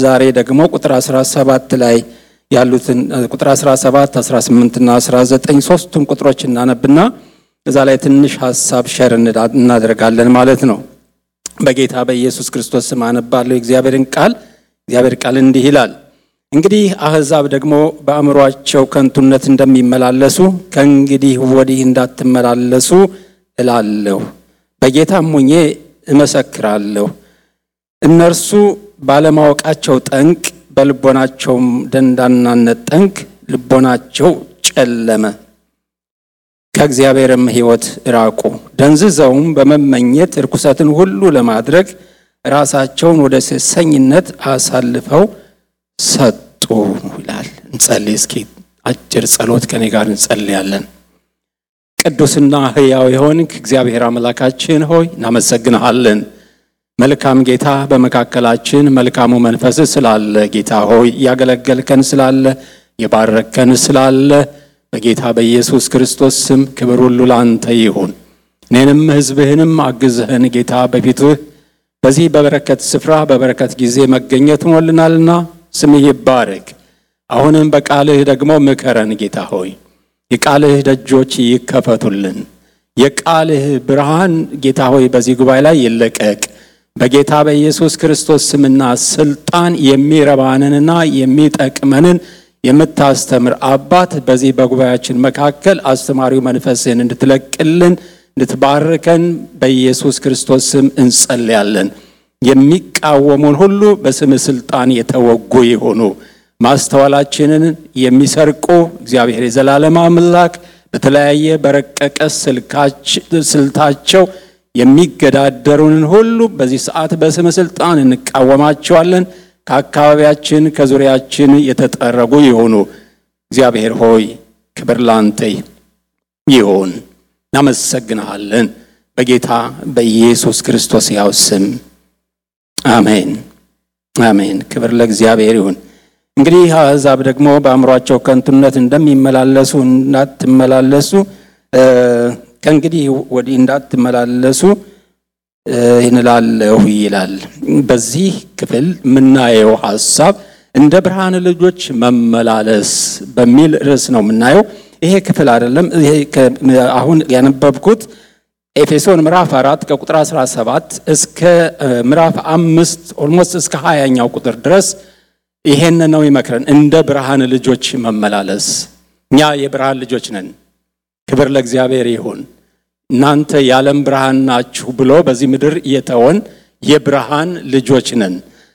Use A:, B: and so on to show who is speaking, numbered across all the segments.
A: ዛሬ ደግሞ ቁጥር 17 ላይ ያሉትን ቁጥር 17፣ 18 እና 19 ሶስቱን ቁጥሮች እናነብና እዛ ላይ ትንሽ ሀሳብ ሸር እናደርጋለን ማለት ነው። በጌታ በኢየሱስ ክርስቶስ ስም አነባለሁ እግዚአብሔርን ቃል። እግዚአብሔር ቃል እንዲህ ይላል፣ እንግዲህ አህዛብ ደግሞ በአእምሯቸው ከንቱነት እንደሚመላለሱ ከእንግዲህ ወዲህ እንዳትመላለሱ እላለሁ፣ በጌታ ሙኜ እመሰክራለሁ እነርሱ ባለማወቃቸው ጠንቅ በልቦናቸውም ደንዳናነት ጠንቅ ልቦናቸው ጨለመ፣ ከእግዚአብሔርም ሕይወት ራቁ። ደንዝዘውም በመመኘት እርኩሰትን ሁሉ ለማድረግ ራሳቸውን ወደ ሴሰኝነት አሳልፈው ሰጡ ይላል። እንጸልይ እስኪ። አጭር ጸሎት ከኔ ጋር እንጸልያለን። ቅዱስና ሕያው የሆንክ እግዚአብሔር አምላካችን ሆይ እናመሰግንሃለን። መልካም ጌታ በመካከላችን መልካሙ መንፈስ ስላለ ጌታ ሆይ ያገለገልከን ስላለ የባረከን ስላለ በጌታ በኢየሱስ ክርስቶስ ስም ክብር ሁሉ ላንተ ይሁን። እኔንም ሕዝብህንም አግዝህን ጌታ በፊትህ በዚህ በበረከት ስፍራ በበረከት ጊዜ መገኘት ሞልናልና ስምህ ይባረክ። አሁንም በቃልህ ደግሞ ምከረን ጌታ ሆይ የቃልህ ደጆች ይከፈቱልን። የቃልህ ብርሃን ጌታ ሆይ በዚህ ጉባኤ ላይ ይለቀቅ። በጌታ በኢየሱስ ክርስቶስ ስምና ስልጣን የሚረባንንና የሚጠቅመንን የምታስተምር አባት በዚህ በጉባኤያችን መካከል አስተማሪው መንፈስህን እንድትለቅልን እንድትባርከን በኢየሱስ ክርስቶስ ስም እንጸልያለን። የሚቃወሙን ሁሉ በስም ስልጣን የተወጉ ይሆኑ። ማስተዋላችንን የሚሰርቁ እግዚአብሔር የዘላለም አምላክ በተለያየ በረቀቀ ስልታቸው የሚገዳደሩንን ሁሉ በዚህ ሰዓት በስመ ስልጣን እንቃወማቸዋለን። ከአካባቢያችን ከዙሪያችን የተጠረጉ ይሆኑ። እግዚአብሔር ሆይ ክብር ላንተ ይሁን። እናመሰግንሃለን በጌታ በኢየሱስ ክርስቶስ ያው ስም አሜን አሜን። ክብር ለእግዚአብሔር ይሁን። እንግዲህ አሕዛብ ደግሞ በአእምሯቸው ከንቱነት እንደሚመላለሱ እንዳትመላለሱ ከእንግዲህ ወዲህ እንዳትመላለሱ እንላለሁ ይላል። በዚህ ክፍል የምናየው ሀሳብ እንደ ብርሃን ልጆች መመላለስ በሚል ርዕስ ነው የምናየው። ይሄ ክፍል አይደለም። አሁን ያነበብኩት ኤፌሶን ምዕራፍ 4 ከቁጥር 17 እስከ ምዕራፍ አምስት ኦልሞስት እስከ ሀያኛው ቁጥር ድረስ ይሄን ነው ይመክረን፣ እንደ ብርሃን ልጆች መመላለስ። እኛ የብርሃን ልጆች ነን። ክብር ለእግዚአብሔር ይሁን። እናንተ የዓለም ብርሃን ናችሁ ብሎ በዚህ ምድር የተወን የብርሃን ልጆች ነን።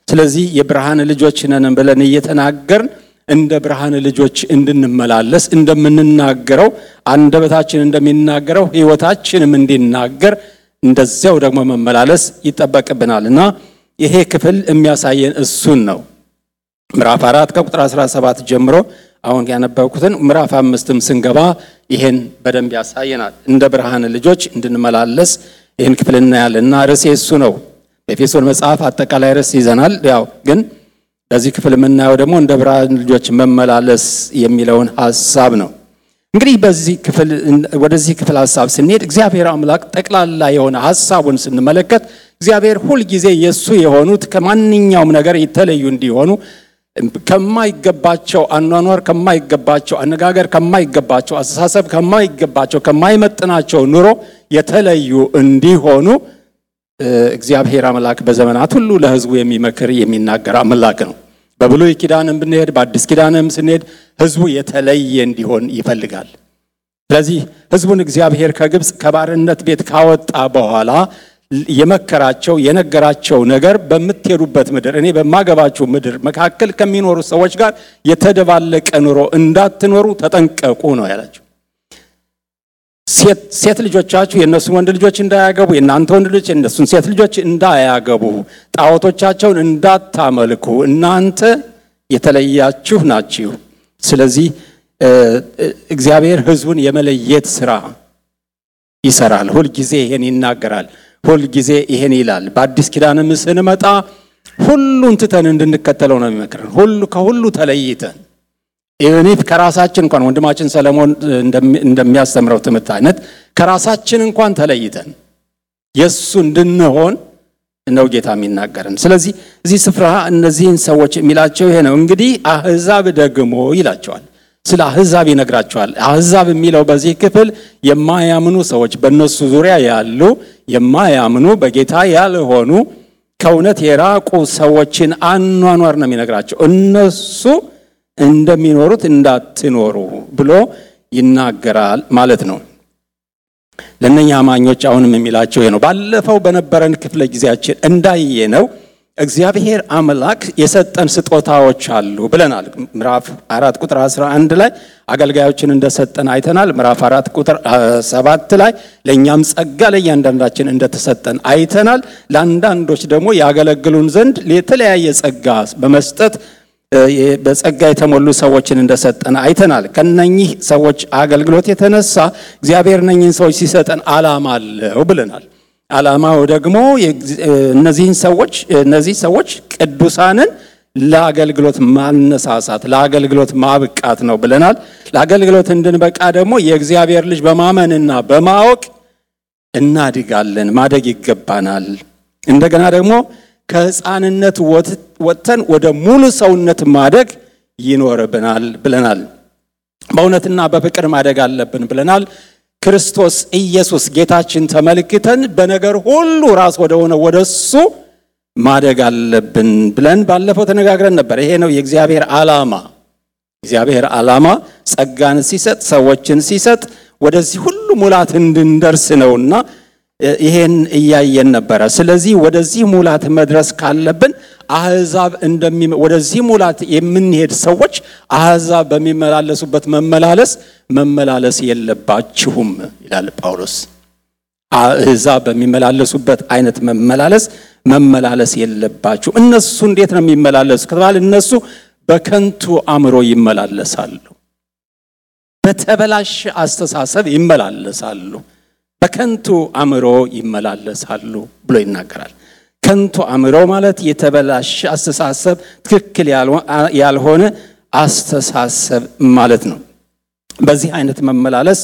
A: ስለዚህ የብርሃን ልጆች ነን ብለን እየተናገርን እንደ ብርሃን ልጆች እንድንመላለስ እንደምንናገረው አንደበታችን እንደሚናገረው ሕይወታችንም እንዲናገር እንደዚያው ደግሞ መመላለስ ይጠበቅብናል እና ይሄ ክፍል የሚያሳየን እሱን ነው። ምዕራፍ አራት ከቁጥር 17 ጀምሮ አሁን ያነበብኩትን ምዕራፍ አምስትም ስንገባ ይሄን በደንብ ያሳየናል። እንደ ብርሃን ልጆች እንድንመላለስ ይህን ክፍል እናያለን እና ርዕሴ እሱ ነው። በኤፌሶን መጽሐፍ አጠቃላይ ርዕስ ይዘናል። ያው ግን በዚህ ክፍል የምናየው ደግሞ እንደ ብርሃን ልጆች መመላለስ የሚለውን ሀሳብ ነው። እንግዲህ በዚህ ክፍል ወደዚህ ክፍል ሀሳብ ስንሄድ እግዚአብሔር አምላክ ጠቅላላ የሆነ ሀሳቡን ስንመለከት እግዚአብሔር ሁልጊዜ የእሱ የሆኑት ከማንኛውም ነገር የተለዩ እንዲሆኑ ከማይገባቸው አኗኗር፣ ከማይገባቸው አነጋገር፣ ከማይገባቸው አስተሳሰብ፣ ከማይገባቸው ከማይመጥናቸው ኑሮ የተለዩ እንዲሆኑ እግዚአብሔር አምላክ በዘመናት ሁሉ ለህዝቡ የሚመክር የሚናገር አምላክ ነው። በብሉይ ኪዳንም ብንሄድ በአዲስ ኪዳንም ስንሄድ ህዝቡ የተለየ እንዲሆን ይፈልጋል። ስለዚህ ህዝቡን እግዚአብሔር ከግብፅ ከባርነት ቤት ካወጣ በኋላ የመከራቸው የነገራቸው ነገር በምትሄዱበት ምድር እኔ በማገባችሁ ምድር መካከል ከሚኖሩ ሰዎች ጋር የተደባለቀ ኑሮ እንዳትኖሩ ተጠንቀቁ ነው ያላቸው። ሴት ልጆቻችሁ የእነሱን ወንድ ልጆች እንዳያገቡ፣ የእናንተ ወንድ ልጆች የእነሱን ሴት ልጆች እንዳያገቡ፣ ጣዖቶቻቸውን እንዳታመልኩ፣ እናንተ የተለያችሁ ናችሁ። ስለዚህ እግዚአብሔር ሕዝቡን የመለየት ስራ ይሰራል። ሁልጊዜ ይህን ይናገራል። ሁል ጊዜ ይሄን ይላል። በአዲስ ኪዳንም ስንመጣ ሁሉን ትተን እንድንከተለው ነው የሚመክረን። ሁሉ ከሁሉ ተለይተን ኢቨኒፍ ከራሳችን እንኳን ወንድማችን ሰለሞን እንደሚያስተምረው ትምህርት አይነት ከራሳችን እንኳን ተለይተን የእሱ እንድንሆን ነው ጌታ የሚናገርን። ስለዚህ እዚህ ስፍራ እነዚህን ሰዎች የሚላቸው ይሄ ነው። እንግዲህ አህዛብ ደግሞ ይላቸዋል። ስለ አህዛብ ይነግራቸዋል። አህዛብ የሚለው በዚህ ክፍል የማያምኑ ሰዎች፣ በእነሱ ዙሪያ ያሉ የማያምኑ በጌታ ያልሆኑ ከእውነት የራቁ ሰዎችን አኗኗር ነው የሚነግራቸው። እነሱ እንደሚኖሩት እንዳትኖሩ ብሎ ይናገራል ማለት ነው። ለእነኛ አማኞች አሁንም የሚላቸው ነው። ባለፈው በነበረን ክፍለ ጊዜያችን እንዳየ ነው እግዚአብሔር አምላክ የሰጠን ስጦታዎች አሉ ብለናል። ምዕራፍ አራት ቁጥር 11 ላይ አገልጋዮችን እንደሰጠን አይተናል። ምዕራፍ አራት ቁጥር ሰባት ላይ ለእኛም ጸጋ ለእያንዳንዳችን እንደተሰጠን አይተናል። ለአንዳንዶች ደግሞ ያገለግሉን ዘንድ የተለያየ ጸጋ በመስጠት በጸጋ የተሞሉ ሰዎችን እንደሰጠን አይተናል። ከነኚህ ሰዎች አገልግሎት የተነሳ እግዚአብሔር እነኚህን ሰዎች ሲሰጠን አላማ አለው ብለናል። ዓላማው ደግሞ እነዚህን ሰዎች እነዚህ ሰዎች ቅዱሳንን ለአገልግሎት ማነሳሳት ለአገልግሎት ማብቃት ነው ብለናል። ለአገልግሎት እንድንበቃ ደግሞ የእግዚአብሔር ልጅ በማመንና በማወቅ እናድጋለን፣ ማደግ ይገባናል። እንደገና ደግሞ ከሕፃንነት ወጥተን ወደ ሙሉ ሰውነት ማደግ ይኖርብናል ብለናል። በእውነትና በፍቅር ማደግ አለብን ብለናል። ክርስቶስ ኢየሱስ ጌታችን ተመልክተን በነገር ሁሉ ራስ ወደ ሆነ ወደ እሱ ማደግ አለብን ብለን ባለፈው ተነጋግረን ነበር። ይሄ ነው የእግዚአብሔር ዓላማ። እግዚአብሔር ዓላማ ጸጋን ሲሰጥ፣ ሰዎችን ሲሰጥ ወደዚህ ሁሉ ሙላት እንድንደርስ ነውና ይሄን እያየን ነበረ። ስለዚህ ወደዚህ ሙላት መድረስ ካለብን አህዛብ እንደሚ ወደዚህ ሙላት የምንሄድ ሰዎች አህዛብ በሚመላለሱበት መመላለስ መመላለስ የለባችሁም ይላል ጳውሎስ። አህዛብ በሚመላለሱበት አይነት መመላለስ መመላለስ የለባችሁ። እነሱ እንዴት ነው የሚመላለሱ ከተባለ እነሱ በከንቱ አእምሮ ይመላለሳሉ፣ በተበላሸ አስተሳሰብ ይመላለሳሉ። በከንቱ አእምሮ ይመላለሳሉ ብሎ ይናገራል። ከንቱ አእምሮ ማለት የተበላሸ አስተሳሰብ፣ ትክክል ያልሆነ አስተሳሰብ ማለት ነው። በዚህ አይነት መመላለስ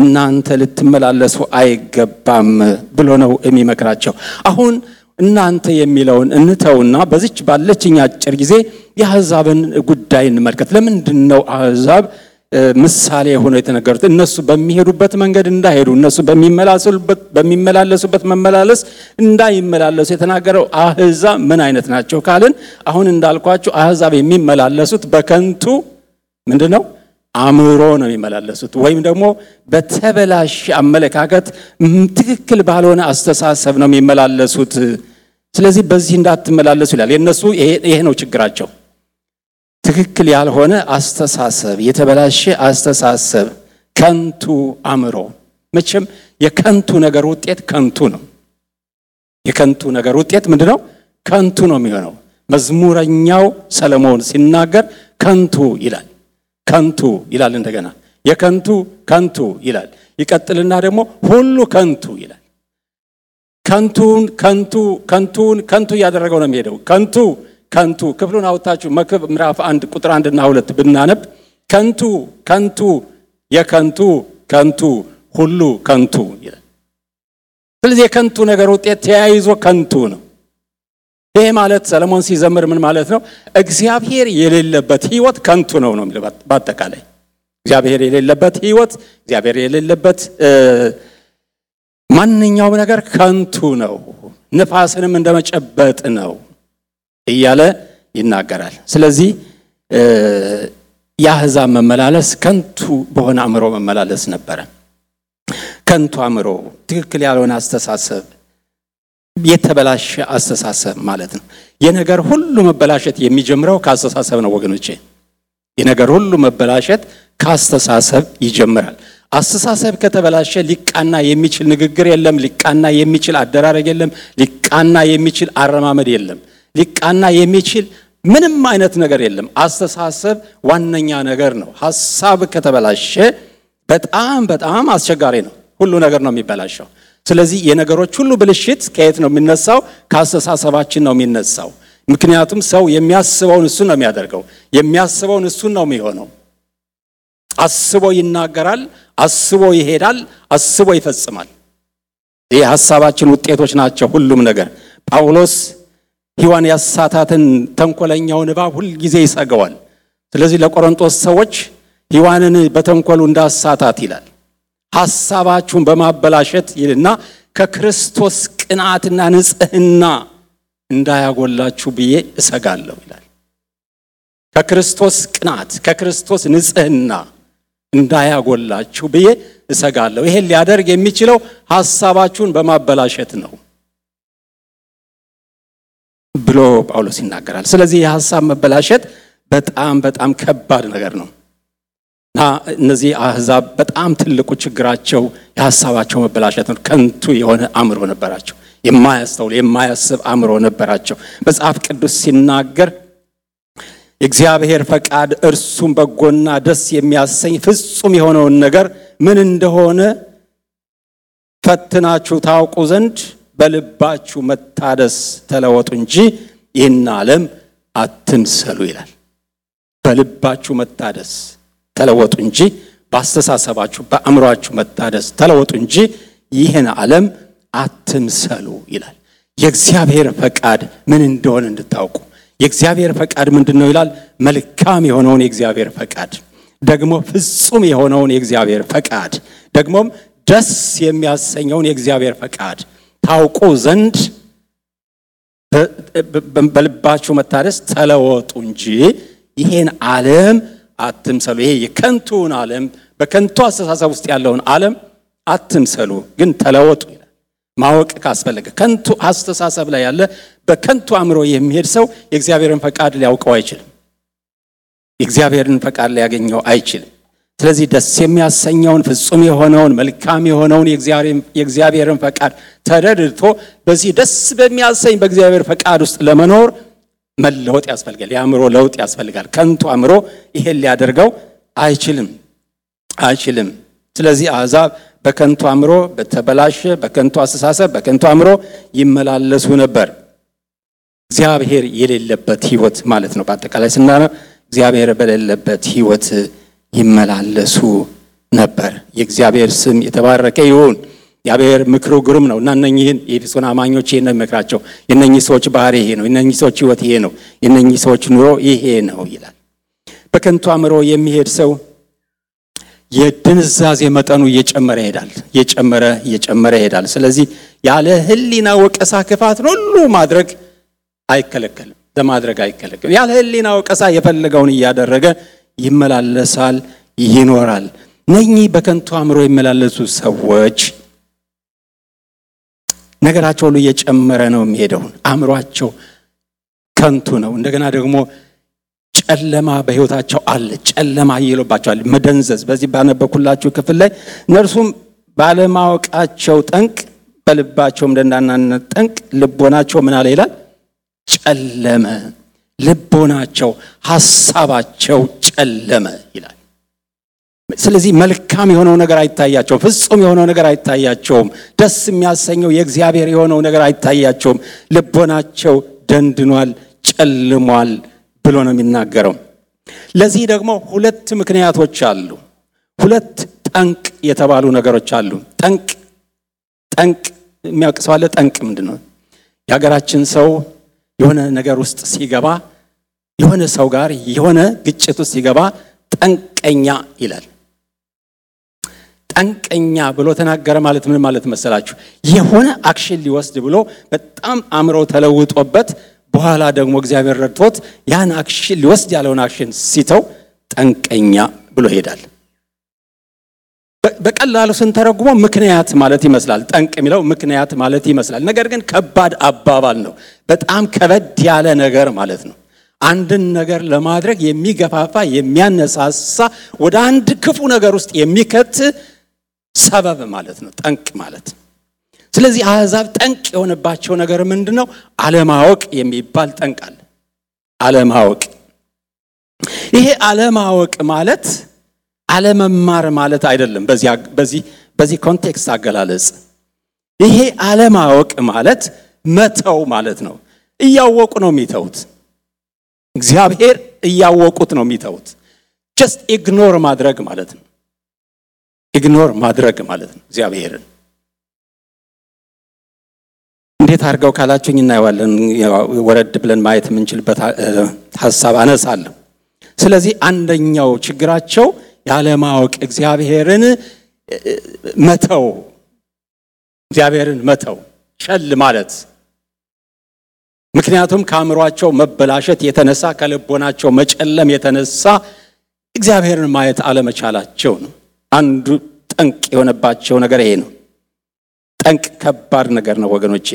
A: እናንተ ልትመላለሱ አይገባም ብሎ ነው የሚመክራቸው። አሁን እናንተ የሚለውን እንተውና በዚች ባለችኝ አጭር ጊዜ የአህዛብን ጉዳይ እንመልከት። ለምንድን ነው አህዛብ ምሳሌ የሆነ የተነገሩት እነሱ በሚሄዱበት መንገድ እንዳይሄዱ እነሱ በሚመላለሱበት መመላለስ እንዳይመላለሱ የተናገረው አህዛብ ምን አይነት ናቸው ካልን አሁን እንዳልኳቸው አህዛብ የሚመላለሱት በከንቱ ምንድ ነው አእምሮ ነው የሚመላለሱት፣ ወይም ደግሞ በተበላሽ አመለካከት ትክክል ባልሆነ አስተሳሰብ ነው የሚመላለሱት። ስለዚህ በዚህ እንዳትመላለሱ ይላል። የእነሱ ይሄ ነው ችግራቸው። ትክክል ያልሆነ አስተሳሰብ፣ የተበላሸ አስተሳሰብ፣ ከንቱ አእምሮ። መቼም የከንቱ ነገር ውጤት ከንቱ ነው። የከንቱ ነገር ውጤት ምንድን ነው? ከንቱ ነው የሚሆነው። መዝሙረኛው ሰለሞን ሲናገር ከንቱ ይላል፣ ከንቱ ይላል። እንደገና የከንቱ ከንቱ ይላል። ይቀጥልና ደግሞ ሁሉ ከንቱ ይላል። ከንቱን ከንቱ ከንቱን ከንቱ እያደረገው ነው የሚሄደው ከንቱ ከንቱ ክፍሉን አውጥታችሁ መክብብ ምዕራፍ አንድ ቁጥር አንድና ሁለት ብናነብ ከንቱ ከንቱ የከንቱ ከንቱ ሁሉ ከንቱ ይላል። ስለዚህ የከንቱ ነገር ውጤት ተያይዞ ከንቱ ነው። ይሄ ማለት ሰለሞን ሲዘምር ምን ማለት ነው? እግዚአብሔር የሌለበት ህይወት ከንቱ ነው ነው የሚለው በአጠቃላይ እግዚአብሔር የሌለበት ህይወት፣ እግዚአብሔር የሌለበት ማንኛውም ነገር ከንቱ ነው። ንፋስንም እንደመጨበጥ ነው። እያለ ይናገራል። ስለዚህ የአህዛብ መመላለስ ከንቱ በሆነ አእምሮ መመላለስ ነበረ። ከንቱ አእምሮ፣ ትክክል ያልሆነ አስተሳሰብ፣ የተበላሸ አስተሳሰብ ማለት ነው። የነገር ሁሉ መበላሸት የሚጀምረው ከአስተሳሰብ ነው ወገኖቼ። የነገር ሁሉ መበላሸት ከአስተሳሰብ ይጀምራል። አስተሳሰብ ከተበላሸ ሊቃና የሚችል ንግግር የለም። ሊቃና የሚችል አደራረግ የለም። ሊቃና የሚችል አረማመድ የለም። ሊቃና የሚችል ምንም አይነት ነገር የለም። አስተሳሰብ ዋነኛ ነገር ነው። ሀሳብ ከተበላሸ በጣም በጣም አስቸጋሪ ነው። ሁሉ ነገር ነው የሚበላሸው። ስለዚህ የነገሮች ሁሉ ብልሽት ከየት ነው የሚነሳው? ከአስተሳሰባችን ነው የሚነሳው። ምክንያቱም ሰው የሚያስበውን እሱን ነው የሚያደርገው፣ የሚያስበውን እሱን ነው የሚሆነው። አስቦ ይናገራል፣ አስቦ ይሄዳል፣ አስቦ ይፈጽማል። ይህ ሀሳባችን ውጤቶች ናቸው ሁሉም ነገር ጳውሎስ ሔዋን ያሳታትን ተንኮለኛውን እባብ ሁልጊዜ ይሰገዋል። ስለዚህ ለቆሮንቶስ ሰዎች ሔዋንን በተንኮሉ እንዳሳታት ይላል። ሐሳባችሁን በማበላሸት ይልና ከክርስቶስ ቅንዓትና ንጽህና እንዳያጎላችሁ ብዬ እሰጋለሁ ይላል። ከክርስቶስ ቅንዓት ከክርስቶስ ንጽህና እንዳያጎላችሁ ብዬ እሰጋለሁ። ይሄን ሊያደርግ የሚችለው ሐሳባችሁን በማበላሸት ነው። ብሎ ጳውሎስ ይናገራል። ስለዚህ የሀሳብ መበላሸት በጣም በጣም ከባድ ነገር ነው እና እነዚህ አህዛብ በጣም ትልቁ ችግራቸው የሀሳባቸው መበላሸት ነው። ከንቱ የሆነ አእምሮ ነበራቸው። የማያስተውል የማያስብ አእምሮ ነበራቸው። መጽሐፍ ቅዱስ ሲናገር የእግዚአብሔር ፈቃድ እርሱም በጎና ደስ የሚያሰኝ ፍጹም የሆነውን ነገር ምን እንደሆነ ፈትናችሁ ታውቁ ዘንድ በልባችሁ መታደስ ተለወጡ እንጂ ይህን ዓለም አትምሰሉ ይላል። በልባችሁ መታደስ ተለወጡ እንጂ በአስተሳሰባችሁ በአእምሯችሁ መታደስ ተለወጡ እንጂ ይህን ዓለም አትምሰሉ ይላል። የእግዚአብሔር ፈቃድ ምን እንደሆነ እንድታውቁ። የእግዚአብሔር ፈቃድ ምንድን ነው ይላል? መልካም የሆነውን የእግዚአብሔር ፈቃድ ደግሞ ፍጹም የሆነውን የእግዚአብሔር ፈቃድ ደግሞም ደስ የሚያሰኘውን የእግዚአብሔር ፈቃድ ታውቁ ዘንድ በልባችሁ መታደስ ተለወጡ እንጂ ይሄን ዓለም አትምሰሉ። ይሄ የከንቱን ዓለም በከንቱ አስተሳሰብ ውስጥ ያለውን ዓለም አትምሰሉ፣ ግን ተለወጡ ይላል። ማወቅ ካስፈለገ ከንቱ አስተሳሰብ ላይ ያለ በከንቱ አእምሮ የሚሄድ ሰው የእግዚአብሔርን ፈቃድ ሊያውቀው አይችልም። የእግዚአብሔርን ፈቃድ ሊያገኘው አይችልም። ስለዚህ ደስ የሚያሰኘውን ፍጹም የሆነውን መልካም የሆነውን የእግዚአብሔርን ፈቃድ ተረድቶ በዚህ ደስ በሚያሰኝ በእግዚአብሔር ፈቃድ ውስጥ ለመኖር መለወጥ ያስፈልጋል። የአእምሮ ለውጥ ያስፈልጋል። ከንቱ አእምሮ ይሄን ሊያደርገው አይችልም አይችልም። ስለዚህ አዛብ በከንቱ አእምሮ፣ በተበላሸ በከንቱ አስተሳሰብ፣ በከንቱ አእምሮ ይመላለሱ ነበር። እግዚአብሔር የሌለበት ህይወት ማለት ነው። በአጠቃላይ ስናነው እግዚአብሔር በሌለበት ህይወት። ይመላለሱ ነበር። የእግዚአብሔር ስም የተባረከ ይሁን። እግዚአብሔር ምክሩ ግሩም ነው እና እነኝህን የኤፌሶን አማኞች ይሄ ነው የሚመክራቸው። የእነኚህ ሰዎች ባህሪ ይሄ ነው፣ የእነኚህ ሰዎች ህይወት ይሄ ነው፣ የእነኚህ ሰዎች ኑሮ ይሄ ነው ይላል። በከንቱ አእምሮ የሚሄድ ሰው የድንዛዜ መጠኑ እየጨመረ ይሄዳል፣ እየጨመረ እየጨመረ ይሄዳል። ስለዚህ ያለ ህሊና ወቀሳ ክፋትን ሁሉ ማድረግ አይከለከልም፣ ለማድረግ አይከለከልም። ያለ ህሊና ወቀሳ የፈለገውን እያደረገ ይመላለሳል፣ ይኖራል። እነኚህ በከንቱ አእምሮ የሚመላለሱ ሰዎች ነገራቸው ሁሉ እየጨመረ ነው የሚሄደው። አእምሯቸው ከንቱ ነው። እንደገና ደግሞ ጨለማ በህይወታቸው አለ። ጨለማ ይሎባቸዋል፣ መደንዘዝ። በዚህ ባነበኩላችሁ ክፍል ላይ እነርሱም ባለማወቃቸው ጠንቅ በልባቸውም ደንዳናነት ጠንቅ ልቦናቸው ምን አለ ይላል ጨለመ። ልቦናቸው፣ ሐሳባቸው ጨለመ ይላል። ስለዚህ መልካም የሆነው ነገር አይታያቸውም። ፍጹም የሆነው ነገር አይታያቸውም። ደስ የሚያሰኘው የእግዚአብሔር የሆነው ነገር አይታያቸውም። ልቦናቸው ደንድኗል፣ ጨልሟል ብሎ ነው የሚናገረው። ለዚህ ደግሞ ሁለት ምክንያቶች አሉ። ሁለት ጠንቅ የተባሉ ነገሮች አሉ። ጠንቅ ጠንቅ የሚያውቅ ሰው አለ? ጠንቅ ምንድን ነው? የሀገራችን ሰው የሆነ ነገር ውስጥ ሲገባ የሆነ ሰው ጋር የሆነ ግጭት ውስጥ ሲገባ ጠንቀኛ ይላል። ጠንቀኛ ብሎ ተናገረ ማለት ምን ማለት መሰላችሁ? የሆነ አክሽን ሊወስድ ብሎ በጣም አእምሮ ተለውጦበት በኋላ ደግሞ እግዚአብሔር ረድቶት ያን አክሽን ሊወስድ ያለውን አክሽን ሲተው ጠንቀኛ ብሎ ይሄዳል። በቀላሉ ስንተረጉሞ ምክንያት ማለት ይመስላል። ጠንቅ የሚለው ምክንያት ማለት ይመስላል። ነገር ግን ከባድ አባባል ነው። በጣም ከበድ ያለ ነገር ማለት ነው። አንድን ነገር ለማድረግ የሚገፋፋ የሚያነሳሳ፣ ወደ አንድ ክፉ ነገር ውስጥ የሚከት ሰበብ ማለት ነው ጠንቅ ማለት። ስለዚህ አሕዛብ ጠንቅ የሆነባቸው ነገር ምንድን ነው? አለማወቅ የሚባል ጠንቅ አለ። አለማወቅ ይሄ አለማወቅ ማለት አለመማር ማለት አይደለም። በዚህ ኮንቴክስት አገላለጽ ይሄ አለማወቅ ማለት መተው ማለት ነው። እያወቁ ነው የሚተውት። እግዚአብሔር እያወቁት ነው የሚተውት። ጀስት ኢግኖር ማድረግ ማለት ነው። ኢግኖር ማድረግ ማለት ነው እግዚአብሔርን እንዴት አድርገው ካላችሁኝ እናየዋለን። ወረድ ብለን ማየት የምንችልበት ሀሳብ አነሳለሁ። ስለዚህ አንደኛው ችግራቸው ያለማወቅ እግዚአብሔርን መተው እግዚአብሔርን መተው ሸል ማለት ምክንያቱም ከአእምሯቸው መበላሸት የተነሳ ከልቦናቸው መጨለም የተነሳ እግዚአብሔርን ማየት አለመቻላቸው ነው። አንዱ ጠንቅ የሆነባቸው ነገር ይሄ ነው። ጠንቅ ከባድ ነገር ነው ወገኖቼ።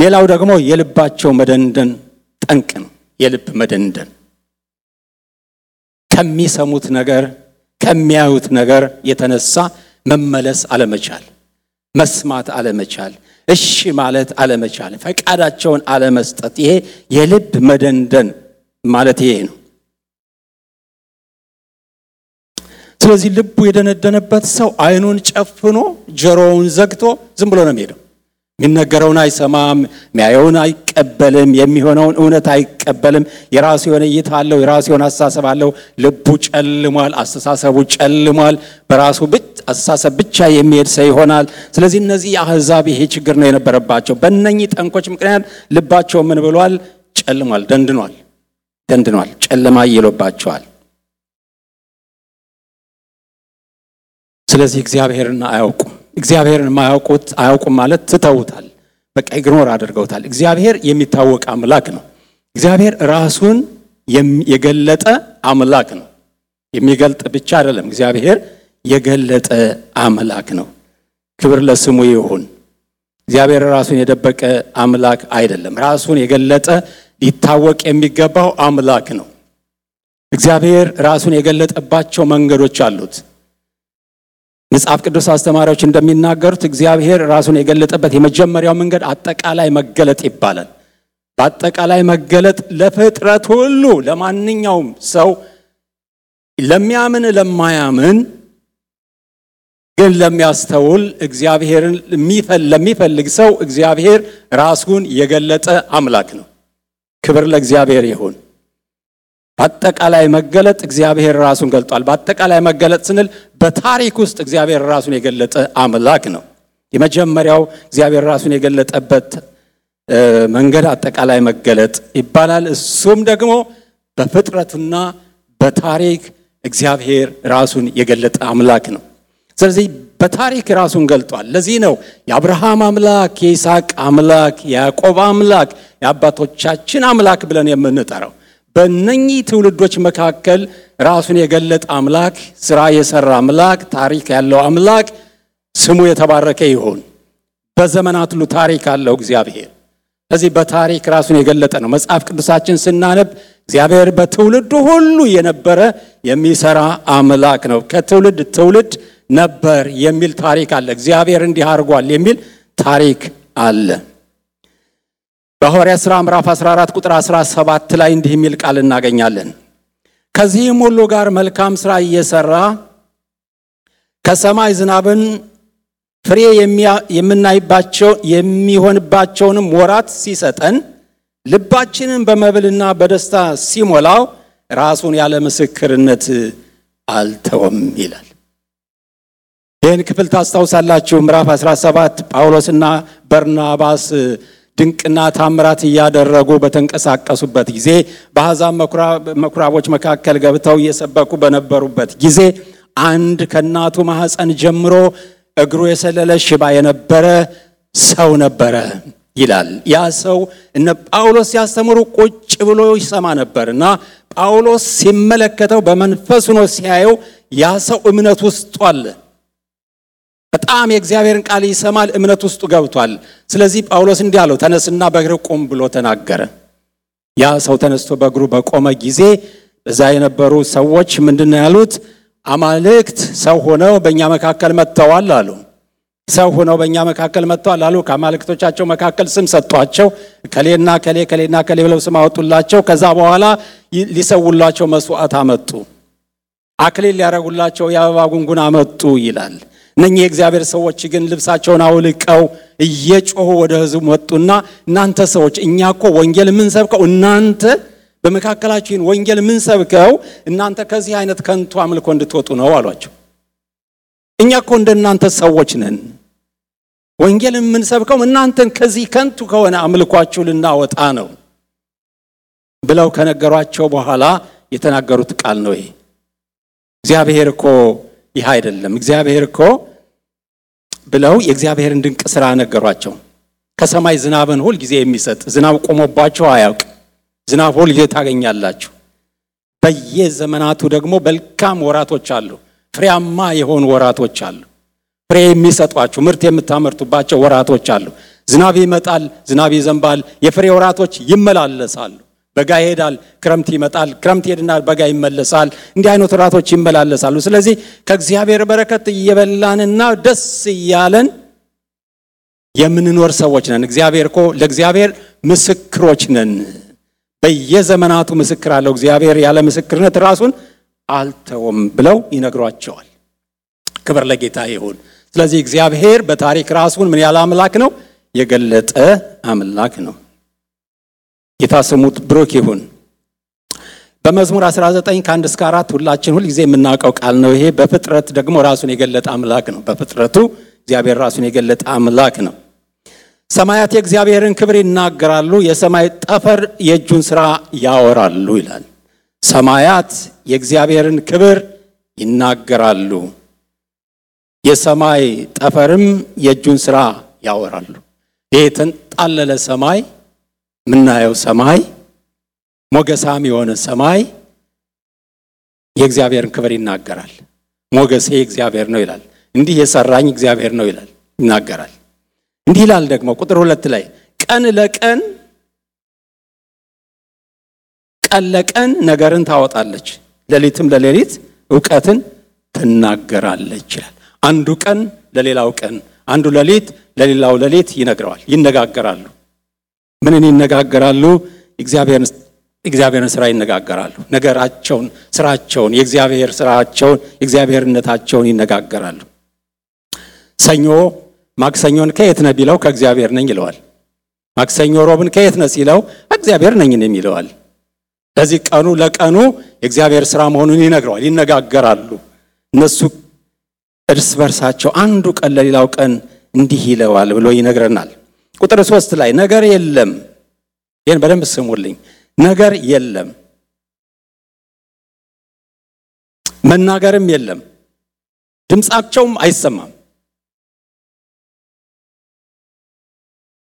A: ሌላው ደግሞ የልባቸው መደንደን ጠንቅ ነው። የልብ መደንደን ከሚሰሙት ነገር ከሚያዩት ነገር የተነሳ መመለስ አለመቻል፣ መስማት አለመቻል፣ እሺ ማለት አለመቻል፣ ፈቃዳቸውን አለመስጠት፣ ይሄ የልብ መደንደን ማለት ይሄ ነው። ስለዚህ ልቡ የደነደነበት ሰው አይኑን ጨፍኖ ጆሮውን ዘግቶ ዝም ብሎ ነው የሚሄደው። የሚነገረውን አይሰማም፣ የሚያየውን አይቀበልም፣ የሚሆነውን እውነት አይቀበልም። የራሱ የሆነ እይታ አለው፣ የራሱ የሆነ አስተሳሰብ አለው። ልቡ ጨልሟል፣ አስተሳሰቡ ጨልሟል። በራሱ አስተሳሰብ ብቻ የሚሄድ ሰው ይሆናል። ስለዚህ እነዚህ የአህዛብ ይሄ ችግር ነው የነበረባቸው። በእነኚህ ጠንኮች ምክንያት ልባቸው ምን ብሏል? ጨልሟል፣ ደንድኗል፣ ደንድኗል፣ ጨለማ ይሎባቸዋል። ስለዚህ እግዚአብሔርን አያውቁም። እግዚአብሔርን ማያውቁት አያውቁም ማለት ትተውታል። በቃ ኢግኖር አድርገውታል። እግዚአብሔር የሚታወቅ አምላክ ነው። እግዚአብሔር ራሱን የገለጠ አምላክ ነው። የሚገልጥ ብቻ አይደለም፣ እግዚአብሔር የገለጠ አምላክ ነው። ክብር ለስሙ ይሁን። እግዚአብሔር ራሱን የደበቀ አምላክ አይደለም። ራሱን የገለጠ ሊታወቅ የሚገባው አምላክ ነው። እግዚአብሔር ራሱን የገለጠባቸው መንገዶች አሉት። መጽሐፍ ቅዱስ አስተማሪዎች እንደሚናገሩት እግዚአብሔር ራሱን የገለጠበት የመጀመሪያው መንገድ አጠቃላይ መገለጥ ይባላል። በአጠቃላይ መገለጥ ለፍጥረት ሁሉ ለማንኛውም ሰው ለሚያምን፣ ለማያምን ግን ለሚያስተውል እግዚአብሔርን ለሚፈልግ ሰው እግዚአብሔር ራሱን የገለጠ አምላክ ነው። ክብር ለእግዚአብሔር ይሁን። በአጠቃላይ መገለጥ እግዚአብሔር ራሱን ገልጧል። በአጠቃላይ መገለጥ ስንል በታሪክ ውስጥ እግዚአብሔር ራሱን የገለጠ አምላክ ነው። የመጀመሪያው እግዚአብሔር ራሱን የገለጠበት መንገድ አጠቃላይ መገለጥ ይባላል። እሱም ደግሞ በፍጥረቱና በታሪክ እግዚአብሔር ራሱን የገለጠ አምላክ ነው። ስለዚህ በታሪክ ራሱን ገልጧል። ለዚህ ነው የአብርሃም አምላክ፣ የይስሐቅ አምላክ፣ የያዕቆብ አምላክ፣ የአባቶቻችን አምላክ ብለን የምንጠራው በእነኚህ ትውልዶች መካከል ራሱን የገለጠ አምላክ፣ ስራ የሰራ አምላክ፣ ታሪክ ያለው አምላክ ስሙ የተባረከ ይሁን። በዘመናት ሁሉ ታሪክ አለው እግዚአብሔር። ስለዚህ በታሪክ ራሱን የገለጠ ነው። መጽሐፍ ቅዱሳችን ስናነብ እግዚአብሔር በትውልዱ ሁሉ የነበረ የሚሰራ አምላክ ነው። ከትውልድ ትውልድ ነበር የሚል ታሪክ አለ። እግዚአብሔር እንዲህ አድርጓል የሚል ታሪክ አለ። በሐዋርያ ሥራ ምዕራፍ 14 ቁጥር 17 ላይ እንዲህ የሚል ቃል እናገኛለን። ከዚህም ሁሉ ጋር መልካም ሥራ እየሰራ ከሰማይ ዝናብን ፍሬ የምናይባቸው የሚሆንባቸውንም ወራት ሲሰጠን ልባችንን በመብልና በደስታ ሲሞላው ራሱን ያለ ምስክርነት አልተወም ይላል። ይህን ክፍል ታስታውሳላችሁ። ምዕራፍ 17 ጳውሎስና በርናባስ ድንቅና ታምራት እያደረጉ በተንቀሳቀሱበት ጊዜ በአሕዛብ መኩራቦች መካከል ገብተው እየሰበኩ በነበሩበት ጊዜ አንድ ከእናቱ ማኅፀን ጀምሮ እግሩ የሰለለ ሽባ የነበረ ሰው ነበረ ይላል። ያ ሰው እነ ጳውሎስ ሲያስተምሩ ቁጭ ብሎ ይሰማ ነበር እና ጳውሎስ ሲመለከተው በመንፈስ ነው ሲያየው ያ ሰው እምነት ውስጡ በጣም የእግዚአብሔርን ቃል ይሰማል፣ እምነት ውስጡ ገብቷል። ስለዚህ ጳውሎስ እንዲህ አለው፣ ተነስና በእግር ቁም ብሎ ተናገረ። ያ ሰው ተነስቶ በእግሩ በቆመ ጊዜ በዛ የነበሩ ሰዎች ምንድን ያሉት? አማልክት ሰው ሆነው በእኛ መካከል መጥተዋል አሉ። ሰው ሆነው በእኛ መካከል መጥተዋል አሉ። ከአማልክቶቻቸው መካከል ስም ሰጧቸው። ከሌና ከሌ ከሌና ከሌ ብለው ስም አወጡላቸው። ከዛ በኋላ ሊሰውላቸው መስዋዕት አመጡ። አክሊል ሊያረጉላቸው የአበባ ጉንጉን አመጡ ይላል። እነኚህ የእግዚአብሔር ሰዎች ግን ልብሳቸውን አውልቀው እየጮሁ ወደ ህዝቡ መጡና እናንተ ሰዎች እኛ እኮ ወንጌል የምንሰብከው እናንተ በመካከላችን ወንጌል የምንሰብከው እናንተ ከዚህ አይነት ከንቱ አምልኮ እንድትወጡ ነው አሏቸው። እኛ እኮ እንደ እናንተ ሰዎች ነን። ወንጌል የምንሰብከው እናንተን ከዚህ ከንቱ ከሆነ አምልኳችሁ ልናወጣ ነው ብለው ከነገሯቸው በኋላ የተናገሩት ቃል ነው ይሄ። እግዚአብሔር እኮ ይህ አይደለም እግዚአብሔር እኮ ብለው የእግዚአብሔርን ድንቅ ስራ ነገሯቸው። ከሰማይ ዝናብን ሁል ጊዜ የሚሰጥ ዝናብ ቆሞባቸው አያውቅ። ዝናብ ሁል ጊዜ ታገኛላችሁ። በየዘመናቱ ደግሞ መልካም ወራቶች አሉ። ፍሬያማ የሆኑ ወራቶች አሉ። ፍሬ የሚሰጧችሁ ምርት የምታመርቱባቸው ወራቶች አሉ። ዝናብ ይመጣል፣ ዝናብ ይዘንባል። የፍሬ ወራቶች ይመላለሳሉ። በጋ ይሄዳል፣ ክረምት ይመጣል፣ ክረምት ይሄድና በጋ ይመለሳል። እንዲህ አይነት ወራቶች ይመላለሳሉ። ስለዚህ ከእግዚአብሔር በረከት እየበላንና ደስ እያለን የምንኖር ሰዎች ነን። እግዚአብሔር እኮ ለእግዚአብሔር ምስክሮች ነን። በየዘመናቱ ምስክር አለው እግዚአብሔር። ያለ ምስክርነት ራሱን አልተውም ብለው ይነግሯቸዋል። ክብር ለጌታ ይሁን። ስለዚህ እግዚአብሔር በታሪክ ራሱን ምን ያለ አምላክ ነው? የገለጠ አምላክ ነው። ጌታ ስሙ ብሩክ ይሁን። በመዝሙር 19 ከአንድ እስከ አራት ሁላችን ሁልጊዜ የምናውቀው ቃል ነው። ይሄ በፍጥረት ደግሞ ራሱን የገለጠ አምላክ ነው። በፍጥረቱ እግዚአብሔር ራሱን የገለጠ አምላክ ነው። ሰማያት የእግዚአብሔርን ክብር ይናገራሉ፣ የሰማይ ጠፈር የእጁን ስራ ያወራሉ ይላል። ሰማያት የእግዚአብሔርን ክብር ይናገራሉ፣ የሰማይ ጠፈርም የእጁን ስራ ያወራሉ። ይህ የተንጣለለ ሰማይ የምናየው ሰማይ ሞገሳም የሆነ ሰማይ የእግዚአብሔርን ክብር ይናገራል። ሞገሴ እግዚአብሔር ነው ይላል። እንዲህ የሰራኝ እግዚአብሔር ነው ይላል ይናገራል። እንዲህ ይላል ደግሞ ቁጥር ሁለት ላይ ቀን ለቀን ቀን ለቀን ነገርን ታወጣለች፣ ሌሊትም ለሌሊት እውቀትን ትናገራለች ይላል። አንዱ ቀን ለሌላው ቀን፣ አንዱ ሌሊት ለሌላው ሌሊት ይነግረዋል፣ ይነጋገራሉ። ምንን ይነጋገራሉ? እግዚአብሔርን ስራ ይነጋገራሉ። ነገራቸውን፣ ስራቸውን፣ የእግዚአብሔር ስራቸውን፣ የእግዚአብሔርነታቸውን ይነጋገራሉ። ሰኞ ማክሰኞን ከየት ነህ ቢለው ከእግዚአብሔር ነኝ ይለዋል። ማክሰኞ ሮብን ከየት ነህ ሲለው እግዚአብሔር ነኝ ይለዋል። ለዚህ ቀኑ ለቀኑ የእግዚአብሔር ስራ መሆኑን ይነግረዋል። ይነጋገራሉ እነሱ እርስ በርሳቸው አንዱ ቀን ለሌላው ቀን እንዲህ ይለዋል ብሎ ይነግረናል። ቁጥር ሶስት ላይ ነገር የለም። ይህን በደንብ ስሙልኝ። ነገር የለም፣ መናገርም የለም፣ ድምፃቸውም አይሰማም።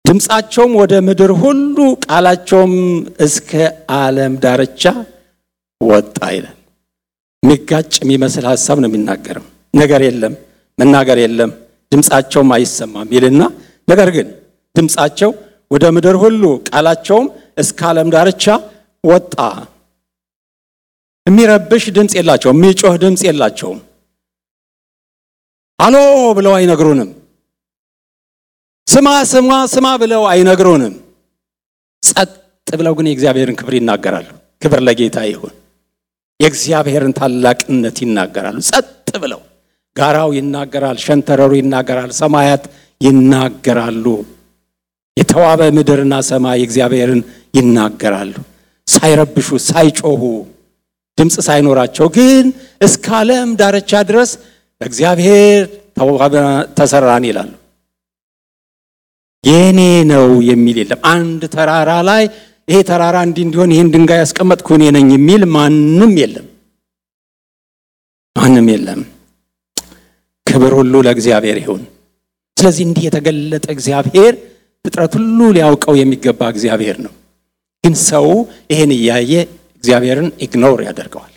A: ድምፃቸውም ወደ ምድር ሁሉ ቃላቸውም እስከ ዓለም ዳርቻ ወጣ ይላል። የሚጋጭ የሚመስል ሀሳብ ነው የሚናገረው። ነገር የለም፣ መናገር የለም፣ ድምፃቸውም አይሰማም ይልና ነገር ግን ድምፃቸው ወደ ምድር ሁሉ ቃላቸውም እስከ ዓለም ዳርቻ ወጣ። የሚረብሽ ድምፅ የላቸውም። የሚጮህ ድምፅ የላቸውም። አሎ ብለው አይነግሩንም። ስማ ስማ ስማ ብለው አይነግሩንም። ጸጥ ብለው ግን የእግዚአብሔርን ክብር ይናገራሉ። ክብር ለጌታ ይሁን። የእግዚአብሔርን ታላቅነት ይናገራሉ። ጸጥ ብለው ጋራው ይናገራል፣ ሸንተረሩ ይናገራል፣ ሰማያት ይናገራሉ። የተዋበ ምድርና ሰማይ እግዚአብሔርን ይናገራሉ። ሳይረብሹ፣ ሳይጮሁ፣ ድምፅ ሳይኖራቸው ግን እስከ ዓለም ዳርቻ ድረስ በእግዚአብሔር ተሰራን ይላሉ። የኔ ነው የሚል የለም። አንድ ተራራ ላይ ይሄ ተራራ እንዲህ እንዲሆን ይሄን ድንጋይ ያስቀመጥኩ እኔ ነኝ የሚል ማንም የለም፣ ማንም የለም። ክብር ሁሉ ለእግዚአብሔር ይሁን። ስለዚህ እንዲህ የተገለጠ እግዚአብሔር ፍጥረት ሁሉ ሊያውቀው የሚገባ እግዚአብሔር ነው። ግን ሰው ይሄን እያየ እግዚአብሔርን ኢግኖር ያደርገዋል።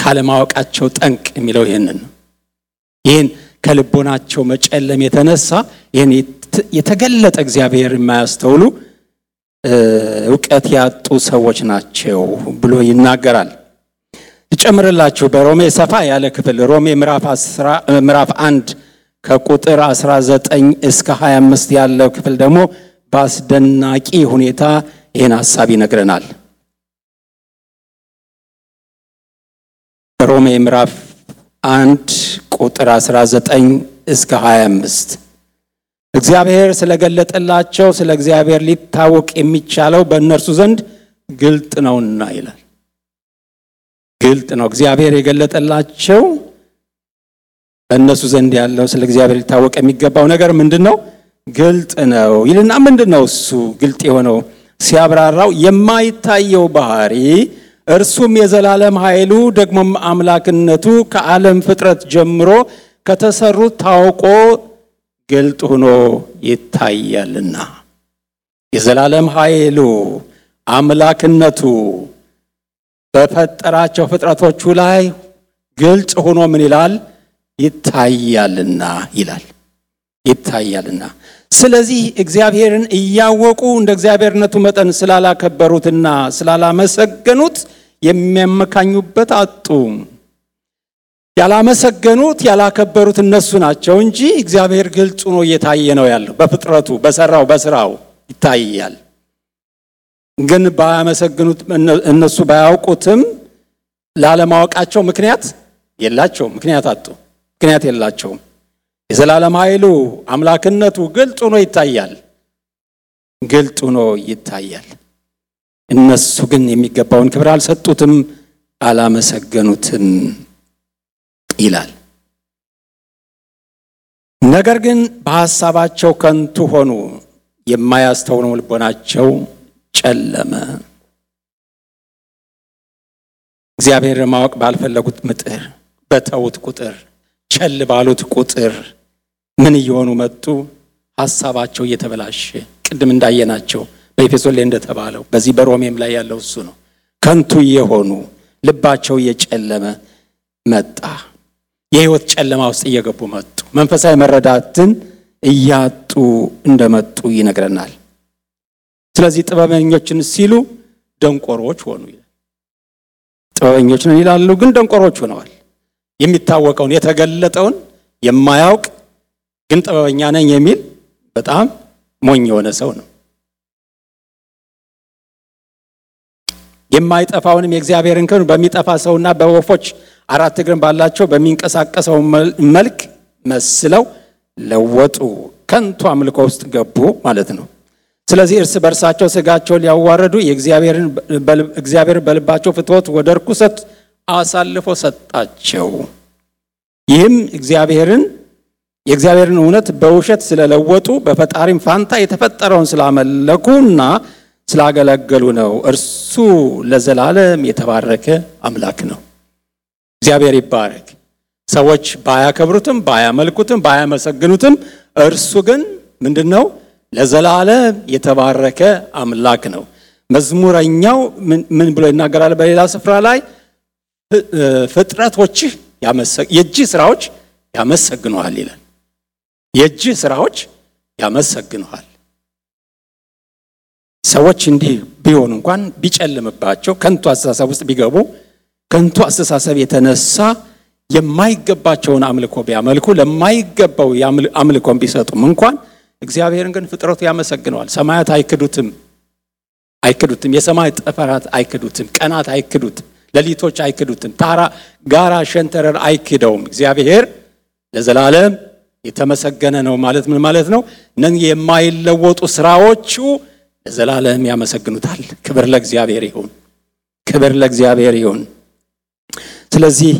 A: ካለማወቃቸው ጠንቅ የሚለው ይህንን ነው። ይህን ከልቦናቸው መጨለም የተነሳ ይህን የተገለጠ እግዚአብሔር የማያስተውሉ እውቀት ያጡ ሰዎች ናቸው ብሎ ይናገራል። ልጨምርላችሁ በሮሜ ሰፋ ያለ ክፍል ሮሜ ምዕራፍ አንድ ከቁጥር 19 እስከ 25 ያለው ክፍል ደግሞ በአስደናቂ ሁኔታ ይህን ሐሳብ ይነግረናል። ሮሜ ምዕራፍ 1 ቁጥር 19 እስከ 25 እግዚአብሔር ስለገለጠላቸው ስለ እግዚአብሔር ሊታወቅ የሚቻለው በእነርሱ ዘንድ ግልጥ ነውና ይላል። ግልጥ ነው። እግዚአብሔር የገለጠላቸው በእነሱ ዘንድ ያለው ስለ እግዚአብሔር ሊታወቅ የሚገባው ነገር ምንድን ነው? ግልጥ ነው ይልና ምንድን ነው እሱ ግልጥ የሆነው ሲያብራራው የማይታየው ባህሪ እርሱም የዘላለም ኃይሉ ደግሞም አምላክነቱ ከዓለም ፍጥረት ጀምሮ ከተሰሩት ታውቆ ግልጥ ሆኖ ይታያልና የዘላለም ኃይሉ አምላክነቱ በፈጠራቸው ፍጥረቶቹ ላይ ግልጽ ሆኖ ምን ይላል ይታያልና ይላል ይታያልና። ስለዚህ እግዚአብሔርን እያወቁ እንደ እግዚአብሔርነቱ መጠን ስላላከበሩትና ስላላመሰገኑት የሚያመካኙበት አጡ። ያላመሰገኑት ያላከበሩት እነሱ ናቸው እንጂ እግዚአብሔር ግልጽ ሆኖ እየታየ ነው ያለው። በፍጥረቱ በሰራው በስራው ይታያል። ግን ባያመሰግኑት እነሱ ባያውቁትም ላለማወቃቸው ምክንያት የላቸው ምክንያት አጡ። ምክንያት የላቸውም። የዘላለም ኃይሉ አምላክነቱ ግልጥ ሆኖ ይታያል፣ ግልጥ ሆኖ ይታያል። እነሱ ግን የሚገባውን ክብር አልሰጡትም፣ አላመሰገኑትም ይላል። ነገር ግን በሐሳባቸው ከንቱ ሆኑ፣ የማያስተውነው ልቦናቸው ጨለመ። እግዚአብሔር ማወቅ ባልፈለጉት ምጥር በተውት ቁጥር ቸል ባሉት ቁጥር ምን እየሆኑ መጡ? ሀሳባቸው እየተበላሸ ቅድም እንዳየናቸው በኤፌሶን ላይ እንደተባለው በዚህ በሮሜም ላይ ያለው እሱ ነው። ከንቱ እየሆኑ ልባቸው እየጨለመ መጣ። የህይወት ጨለማ ውስጥ እየገቡ መጡ። መንፈሳዊ መረዳትን እያጡ እንደመጡ ይነግረናል። ስለዚህ ጥበበኞችን ሲሉ ደንቆሮች ሆኑ። ጥበበኞች ነን ይላሉ፣ ግን ደንቆሮች ሆነዋል። የሚታወቀውን የተገለጠውን የማያውቅ ግን ጥበበኛ ነኝ የሚል በጣም ሞኝ የሆነ ሰው ነው። የማይጠፋውንም የእግዚአብሔርን ክብር በሚጠፋ ሰውና በወፎች አራት እግርን ባላቸው በሚንቀሳቀሰው መልክ መስለው ለወጡ፣ ከንቱ አምልኮ ውስጥ ገቡ ማለት ነው። ስለዚህ እርስ በእርሳቸው ስጋቸው ሊያዋረዱ የእግዚአብሔርን በልባቸው ፍትወት ወደ አሳልፎ ሰጣቸው። ይህም እግዚአብሔርን የእግዚአብሔርን እውነት በውሸት ስለለወጡ በፈጣሪም ፋንታ የተፈጠረውን ስላመለኩና ስላገለገሉ ነው። እርሱ ለዘላለም የተባረከ አምላክ ነው። እግዚአብሔር ይባረክ። ሰዎች ባያከብሩትም፣ ባያመልኩትም፣ ባያመሰግኑትም እርሱ ግን ምንድን ነው? ለዘላለም የተባረከ አምላክ ነው። መዝሙረኛው ምን ብሎ ይናገራል በሌላ ስፍራ ላይ ፍጥረቶችህ የእጅህ ስራዎች ያመሰግኑሃል ይላል። የእጅህ ስራዎች ያመሰግኑሃል። ሰዎች እንዲህ ቢሆን እንኳን ቢጨልምባቸው፣ ከንቱ አስተሳሰብ ውስጥ ቢገቡ፣ ከንቱ አስተሳሰብ የተነሳ የማይገባቸውን አምልኮ ቢያመልኩ፣ ለማይገባው አምልኮን ቢሰጡም እንኳን እግዚአብሔርን ግን ፍጥረቱ ያመሰግነዋል። ሰማያት አይክዱትም አይክዱትም። የሰማይ ጠፈራት አይክዱትም። ቀናት አይክዱትም። ሌሊቶች አይክዱትም። ታራ ጋራ ሸንተረር አይክደውም። እግዚአብሔር ለዘላለም የተመሰገነ ነው ማለት ምን ማለት ነው? ነን የማይለወጡ ስራዎቹ ለዘላለም ያመሰግኑታል። ክብር ለእግዚአብሔር ይሁን፣ ክብር ለእግዚአብሔር ይሁን። ስለዚህ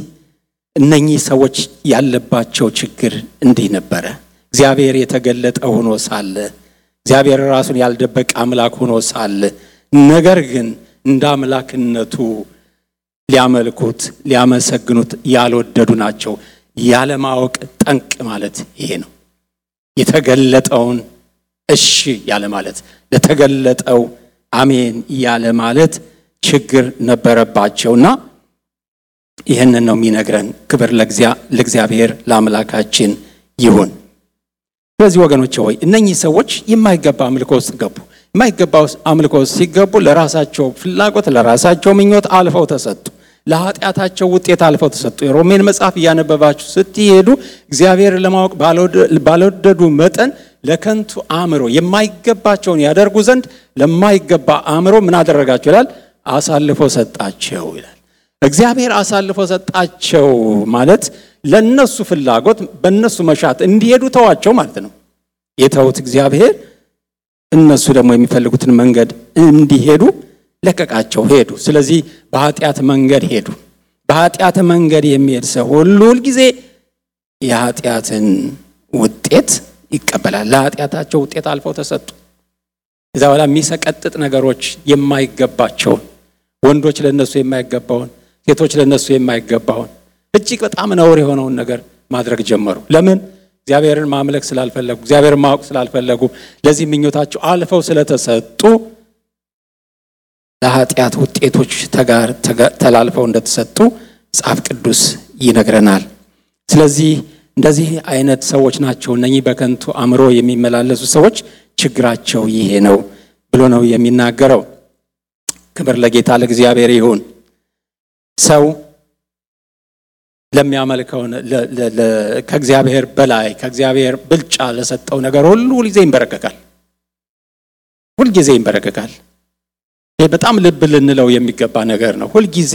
A: እነኚህ ሰዎች ያለባቸው ችግር እንዲህ ነበረ። እግዚአብሔር የተገለጠ ሆኖ ሳለ፣ እግዚአብሔር ራሱን ያልደበቀ አምላክ ሆኖ ሳለ ነገር ግን እንደ አምላክነቱ ሊያመልኩት ሊያመሰግኑት ያልወደዱ ናቸው። ያለማወቅ ጠንቅ ማለት ይሄ ነው። የተገለጠውን እሺ ያለ ማለት፣ ለተገለጠው አሜን ያለ ማለት ችግር ነበረባቸውና ይህንን ነው የሚነግረን። ክብር ለእግዚአብሔር ለአምላካችን ይሁን። ስለዚህ ወገኖች ሆይ እነኚህ ሰዎች የማይገባ አምልኮ ውስጥ ገቡ። የማይገባ አምልኮ ውስጥ ሲገቡ ለራሳቸው ፍላጎት፣ ለራሳቸው ምኞት አልፈው ተሰጡ። ለኃጢአታቸው ውጤት አልፈው ተሰጡ። የሮሜን መጽሐፍ እያነበባችሁ ስትሄዱ እግዚአብሔር ለማወቅ ባልወደዱ መጠን ለከንቱ አእምሮ የማይገባቸውን ያደርጉ ዘንድ ለማይገባ አእምሮ ምን አደረጋቸው ይላል? አሳልፎ ሰጣቸው ይላል። እግዚአብሔር አሳልፎ ሰጣቸው ማለት ለነሱ ፍላጎት በነሱ መሻት እንዲሄዱ ተዋቸው ማለት ነው። የተውት እግዚአብሔር እነሱ ደግሞ የሚፈልጉትን መንገድ እንዲሄዱ ለቀቃቸው፣ ሄዱ። ስለዚህ በኃጢአት መንገድ ሄዱ። በኃጢአት መንገድ የሚሄድ ሰው ሁሉ ሁልጊዜ የኃጢአትን ውጤት ይቀበላል። ለኃጢአታቸው ውጤት አልፈው ተሰጡ። ከዛ በኋላ የሚሰቀጥጥ ነገሮች የማይገባቸውን ወንዶች ለነሱ የማይገባውን ሴቶች ለነሱ የማይገባውን እጅግ በጣም ነውር የሆነውን ነገር ማድረግ ጀመሩ። ለምን? እግዚአብሔርን ማምለክ ስላልፈለጉ፣ እግዚአብሔርን ማወቅ ስላልፈለጉ፣ ለዚህ ምኞታቸው አልፈው ስለተሰጡ ለኃጢአት ውጤቶች ተላልፈው እንደተሰጡ መጽሐፍ ቅዱስ ይነግረናል። ስለዚህ እንደዚህ አይነት ሰዎች ናቸው እነኚህ በከንቱ አእምሮ የሚመላለሱ ሰዎች ችግራቸው ይሄ ነው ብሎ ነው የሚናገረው። ክብር ለጌታ ለእግዚአብሔር ይሁን። ሰው ለሚያመልከው ከእግዚአብሔር በላይ ከእግዚአብሔር ብልጫ ለሰጠው ነገር ሁሉ ሁልጊዜ ይንበረከካል፣ ሁልጊዜ ይንበረከካል። ይህ በጣም ልብ ልንለው የሚገባ ነገር ነው። ሁልጊዜ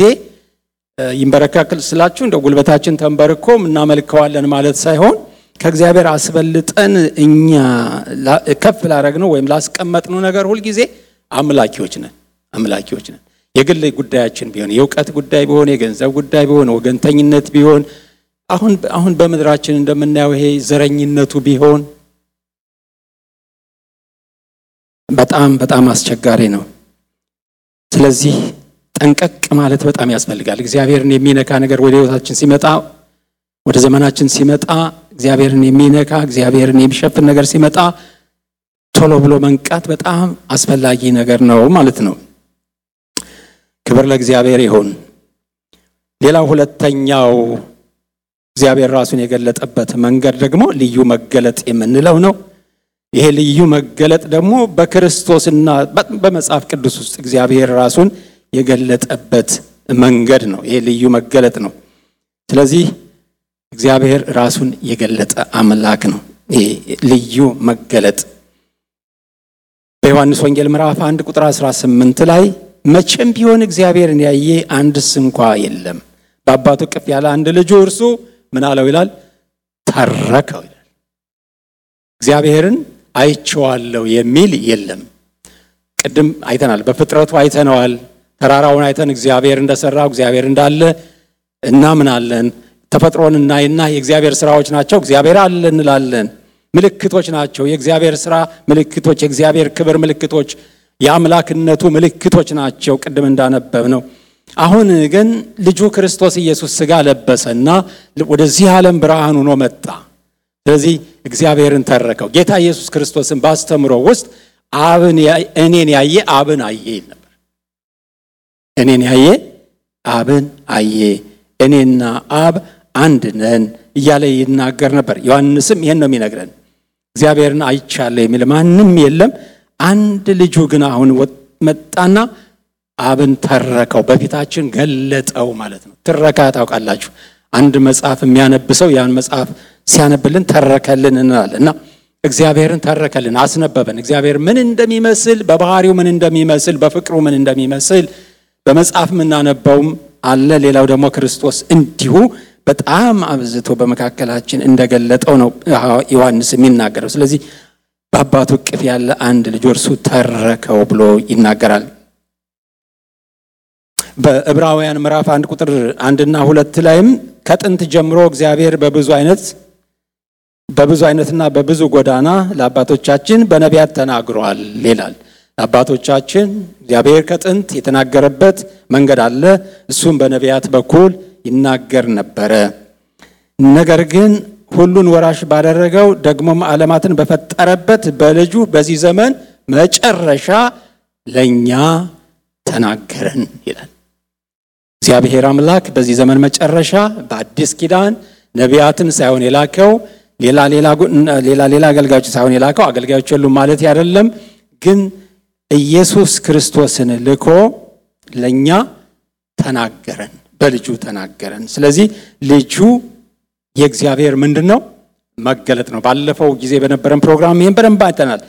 A: ይንበረከካል ስላችሁ እንደ ጉልበታችን ተንበርኮ እናመልከዋለን ማለት ሳይሆን ከእግዚአብሔር አስበልጠን እኛ ከፍ ላረግነው ወይም ላስቀመጥነው ነገር ሁልጊዜ አምላኪዎች ነን አምላኪዎች ነን። የግል ጉዳያችን ቢሆን የእውቀት ጉዳይ ቢሆን የገንዘብ ጉዳይ ቢሆን ወገንተኝነት ቢሆን አሁን አሁን በምድራችን እንደምናየው ይሄ ዘረኝነቱ ቢሆን በጣም በጣም አስቸጋሪ ነው። ስለዚህ ጠንቀቅ ማለት በጣም ያስፈልጋል። እግዚአብሔርን የሚነካ ነገር ወደ ህይወታችን ሲመጣ፣ ወደ ዘመናችን ሲመጣ፣ እግዚአብሔርን የሚነካ እግዚአብሔርን የሚሸፍን ነገር ሲመጣ ቶሎ ብሎ መንቃት በጣም አስፈላጊ ነገር ነው ማለት ነው። ክብር ለእግዚአብሔር ይሁን። ሌላው ሁለተኛው እግዚአብሔር ራሱን የገለጠበት መንገድ ደግሞ ልዩ መገለጥ የምንለው ነው። ይሄ ልዩ መገለጥ ደግሞ በክርስቶስና በመጽሐፍ ቅዱስ ውስጥ እግዚአብሔር ራሱን የገለጠበት መንገድ ነው። ይሄ ልዩ መገለጥ ነው። ስለዚህ እግዚአብሔር ራሱን የገለጠ አምላክ ነው። ይሄ ልዩ መገለጥ በዮሐንስ ወንጌል ምዕራፍ 1 ቁጥር 18 ላይ መቼም ቢሆን እግዚአብሔርን ያየ አንድስ እንኳ የለም፣ በአባቱ ቅፍ ያለ አንድ ልጁ እርሱ ምን አለው ይላል፣ ተረከው ይላል እግዚአብሔርን አይቼዋለሁ የሚል የለም። ቅድም አይተናል፣ በፍጥረቱ አይተነዋል። ተራራውን አይተን እግዚአብሔር እንደሰራው እግዚአብሔር እንዳለ እናምናለን። ተፈጥሮን እናይና የእግዚአብሔር ስራዎች ናቸው እግዚአብሔር አለ እንላለን። ምልክቶች ናቸው የእግዚአብሔር ስራ ምልክቶች፣ የእግዚአብሔር ክብር ምልክቶች፣ የአምላክነቱ ምልክቶች ናቸው። ቅድም እንዳነበብ ነው። አሁን ግን ልጁ ክርስቶስ ኢየሱስ ስጋ ለበሰና ወደዚህ ዓለም ብርሃን ሆኖ መጣ። ስለዚህ እግዚአብሔርን ተረከው። ጌታ ኢየሱስ ክርስቶስን ባስተምሮ ውስጥ አብን እኔን ያየ አብን አየ ይል ነበር። እኔን ያየ አብን አየ፣ እኔና አብ አንድ ነን እያለ ይናገር ነበር። ዮሐንስም ይህን ነው የሚነግረን። እግዚአብሔርን አይቻለ የሚል ማንም የለም። አንድ ልጁ ግን አሁን መጣና አብን ተረከው፣ በፊታችን ገለጠው ማለት ነው። ትረካ ታውቃላችሁ አንድ መጽሐፍ የሚያነብሰው ያን መጽሐፍ ሲያነብልን ተረከልን እንላለን እና እግዚአብሔርን ተረከልን፣ አስነበበን። እግዚአብሔር ምን እንደሚመስል በባህሪው ምን እንደሚመስል በፍቅሩ ምን እንደሚመስል በመጽሐፍ የምናነበውም አለ። ሌላው ደግሞ ክርስቶስ እንዲሁ በጣም አብዝቶ በመካከላችን እንደገለጠው ነው ዮሐንስ የሚናገረው። ስለዚህ በአባቱ እቅፍ ያለ አንድ ልጅ እርሱ ተረከው ብሎ ይናገራል። በዕብራውያን ምዕራፍ አንድ ቁጥር አንድና ሁለት ላይም ከጥንት ጀምሮ እግዚአብሔር በብዙ አይነት በብዙ አይነትና በብዙ ጎዳና ለአባቶቻችን በነቢያት ተናግሯል ይላል። ለአባቶቻችን እግዚአብሔር ከጥንት የተናገረበት መንገድ አለ። እሱም በነቢያት በኩል ይናገር ነበረ። ነገር ግን ሁሉን ወራሽ ባደረገው ደግሞም ዓለማትን በፈጠረበት በልጁ በዚህ ዘመን መጨረሻ ለእኛ ተናገረን ይላል። እግዚአብሔር አምላክ በዚህ ዘመን መጨረሻ በአዲስ ኪዳን ነቢያትን ሳይሆን የላከው ሌላ ሌላ አገልጋዮች ሳይሆን የላከው አገልጋዮች የሉም ማለት አይደለም። ግን ኢየሱስ ክርስቶስን ልኮ ለእኛ ተናገረን፣ በልጁ ተናገረን። ስለዚህ ልጁ የእግዚአብሔር ምንድን ነው መገለጥ ነው። ባለፈው ጊዜ በነበረን ፕሮግራም ይህን በደንብ አይተናል።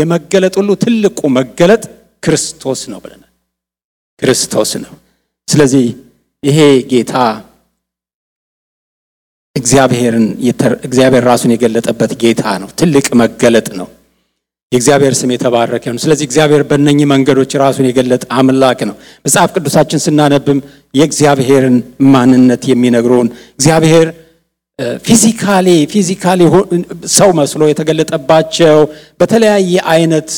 A: የመገለጥ ሁሉ ትልቁ መገለጥ ክርስቶስ ነው ብለናል። ክርስቶስ ነው። ስለዚህ ይሄ ጌታ እግዚአብሔርን እግዚአብሔር ራሱን የገለጠበት ጌታ ነው። ትልቅ መገለጥ ነው። የእግዚአብሔር ስም የተባረከ ነው። ስለዚህ እግዚአብሔር በእነኚህ መንገዶች ራሱን የገለጠ አምላክ ነው። መጽሐፍ ቅዱሳችን ስናነብም የእግዚአብሔርን ማንነት የሚነግረውን እግዚአብሔር ፊዚካሊ ፊዚካሊ ሰው መስሎ የተገለጠባቸው በተለያየ አይነት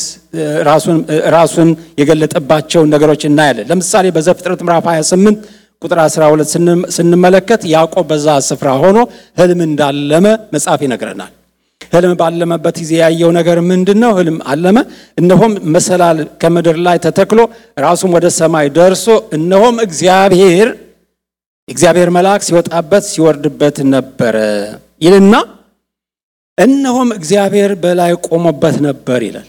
A: ራሱን የገለጠባቸውን ነገሮች እናያለን። ለምሳሌ በዘፍጥረት ምዕራፍ 28 ቁጥር 12 ስንመለከት ያዕቆብ በዛ ስፍራ ሆኖ ህልም እንዳለመ መጽሐፍ ይነግረናል። ህልም ባለመበት ጊዜ ያየው ነገር ምንድን ነው? ህልም አለመ። እነሆም መሰላል ከምድር ላይ ተተክሎ ራሱም ወደ ሰማይ ደርሶ እነሆም እግዚአብሔር እግዚአብሔር መልአክ ሲወጣበት ሲወርድበት ነበረ ይልና እነሆም እግዚአብሔር በላይ ቆሞበት ነበር ይላል።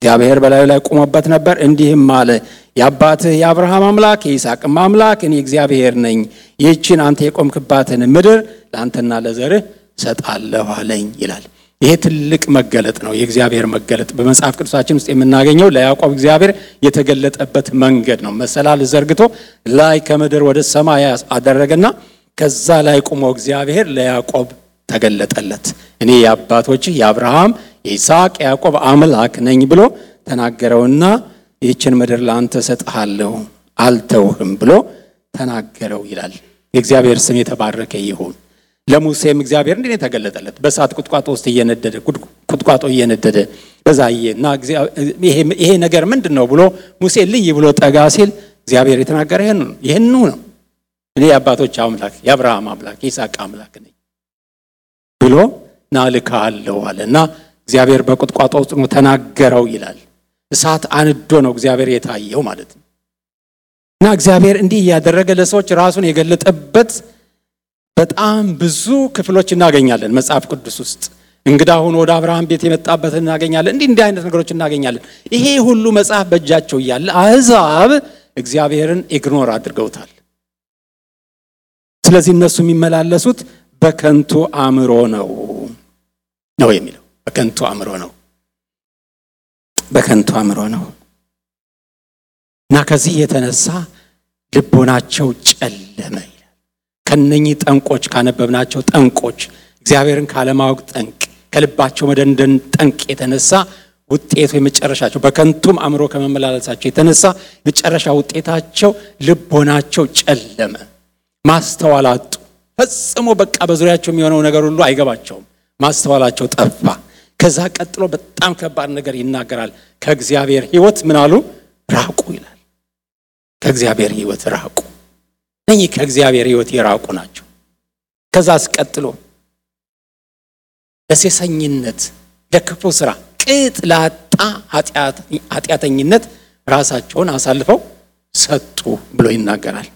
A: እግዚአብሔር በላዩ ላይ ቆሞበት ነበር፣ እንዲህም አለ የአባትህ የአብርሃም አምላክ የይስሐቅም አምላክ እኔ እግዚአብሔር ነኝ። ይህችን አንተ የቆምክባትን ምድር ለአንተና ለዘርህ ሰጣለሁ አለኝ ይላል። ይሄ ትልቅ መገለጥ ነው። የእግዚአብሔር መገለጥ በመጽሐፍ ቅዱሳችን ውስጥ የምናገኘው ለያዕቆብ እግዚአብሔር የተገለጠበት መንገድ ነው። መሰላል ዘርግቶ ላይ ከምድር ወደ ሰማይ አደረገና ከዛ ላይ ቁሞ እግዚአብሔር ለያዕቆብ ተገለጠለት። እኔ የአባቶች የአብርሃም ኢሳቅ ያዕቆብ አምላክ ነኝ ብሎ ተናገረውና ይህችን ምድር ለአንተ ሰጥሃለሁ አልተውህም ብሎ ተናገረው ይላል። የእግዚአብሔር ስም የተባረከ ይሁን። ለሙሴም እግዚአብሔር እንዴት የተገለጠለት በእሳት ቁጥቋጦ ውስጥ እየነደደ ቁጥቋጦ እየነደደ በዛየ እና ይሄ ነገር ምንድን ነው ብሎ ሙሴ ልይ ብሎ ጠጋ ሲል እግዚአብሔር የተናገረ ይህኑ ነው። ይህኑ ነው እኔ የአባቶች አምላክ የአብርሃም አምላክ የይስሐቅ አምላክ ነኝ ብሎ ናልካለሁ አለ እና እግዚአብሔር በቁጥቋጦ ጽኑ ተናገረው ይላል። እሳት አንዶ ነው እግዚአብሔር የታየው ማለት ነው። እና እግዚአብሔር እንዲህ እያደረገ ለሰዎች ራሱን የገለጠበት በጣም ብዙ ክፍሎች እናገኛለን መጽሐፍ ቅዱስ ውስጥ እንግዳ ሆኖ ወደ አብርሃም ቤት የመጣበትን እናገኛለን። እንዲህ እንዲህ አይነት ነገሮች እናገኛለን። ይሄ ሁሉ መጽሐፍ በእጃቸው እያለ አህዛብ እግዚአብሔርን ኢግኖር አድርገውታል። ስለዚህ እነሱ የሚመላለሱት በከንቱ አእምሮ ነው ነው የሚለው በከንቱ አእምሮ ነው። በከንቱ አእምሮ ነው እና ከዚህ የተነሳ ልቦናቸው ጨለመ ይላል። ጠንቆች ካነበብናቸው ጠንቆች እግዚአብሔርን ካለማወቅ ጠንቅ፣ ከልባቸው መደንደን ጠንቅ የተነሳ ውጤቱ የመጨረሻቸው በከንቱም አእምሮ ከመመላለሳቸው የተነሳ የመጨረሻ ውጤታቸው ልቦናቸው ጨለመ፣ ማስተዋላጡ ፈጽሞ በቃ በዙሪያቸው የሚሆነው ነገር ሁሉ አይገባቸውም። ማስተዋላቸው ጠፋ። ከዛ ቀጥሎ በጣም ከባድ ነገር ይናገራል። ከእግዚአብሔር ህይወት ምን አሉ ራቁ ይላል። ከእግዚአብሔር ህይወት ራቁ። እነኚህ ከእግዚአብሔር ህይወት የራቁ ናቸው። ከዛ አስቀጥሎ ለሴሰኝነት፣ ለክፉ ስራ፣ ቅጥ ላጣ ኃጢአተኝነት ራሳቸውን አሳልፈው ሰጡ ብሎ ይናገራል።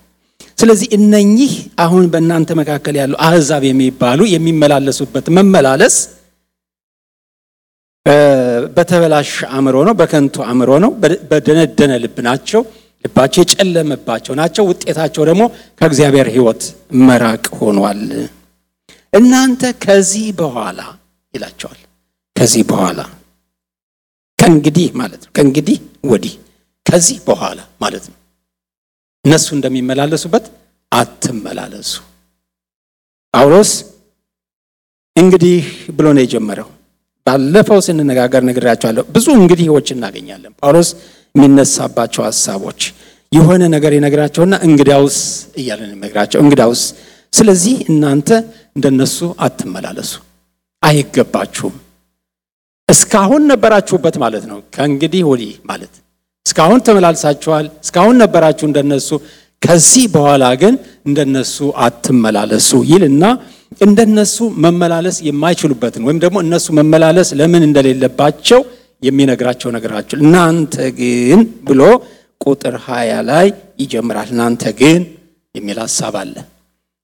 A: ስለዚህ እነኚህ አሁን በእናንተ መካከል ያሉ አህዛብ የሚባሉ የሚመላለሱበት መመላለስ በተበላሽ አእምሮ ነው፣ በከንቱ አእምሮ ነው፣ በደነደነ ልብ ናቸው። ልባቸው የጨለመባቸው ናቸው። ውጤታቸው ደግሞ ከእግዚአብሔር ሕይወት መራቅ ሆኗል። እናንተ ከዚህ በኋላ ይላቸዋል። ከዚህ በኋላ ከእንግዲህ ማለት ነው። ከእንግዲህ ወዲህ ከዚህ በኋላ ማለት ነው። እነሱ እንደሚመላለሱበት አትመላለሱ። ጳውሎስ እንግዲህ ብሎ ነው የጀመረው ባለፈው ስንነጋገር ነግራቸዋለሁ። ብዙ እንግዲህዎች እናገኛለን። ጳውሎስ የሚነሳባቸው ሀሳቦች የሆነ ነገር ይነግራቸውና እንግዳውስ እያለን ነግራቸው እንግዳውስ። ስለዚህ እናንተ እንደነሱ አትመላለሱ፣ አይገባችሁም። እስካሁን ነበራችሁበት ማለት ነው። ከእንግዲህ ወዲህ ማለት እስካሁን ተመላልሳችኋል፣ እስካሁን ነበራችሁ እንደነሱ። ከዚህ በኋላ ግን እንደነሱ አትመላለሱ ይልና እንደነሱ መመላለስ የማይችሉበትን ወይም ደግሞ እነሱ መመላለስ ለምን እንደሌለባቸው የሚነግራቸው ነገራቸው። እናንተ ግን ብሎ ቁጥር ሀያ ላይ ይጀምራል። እናንተ ግን የሚል ሀሳብ አለ።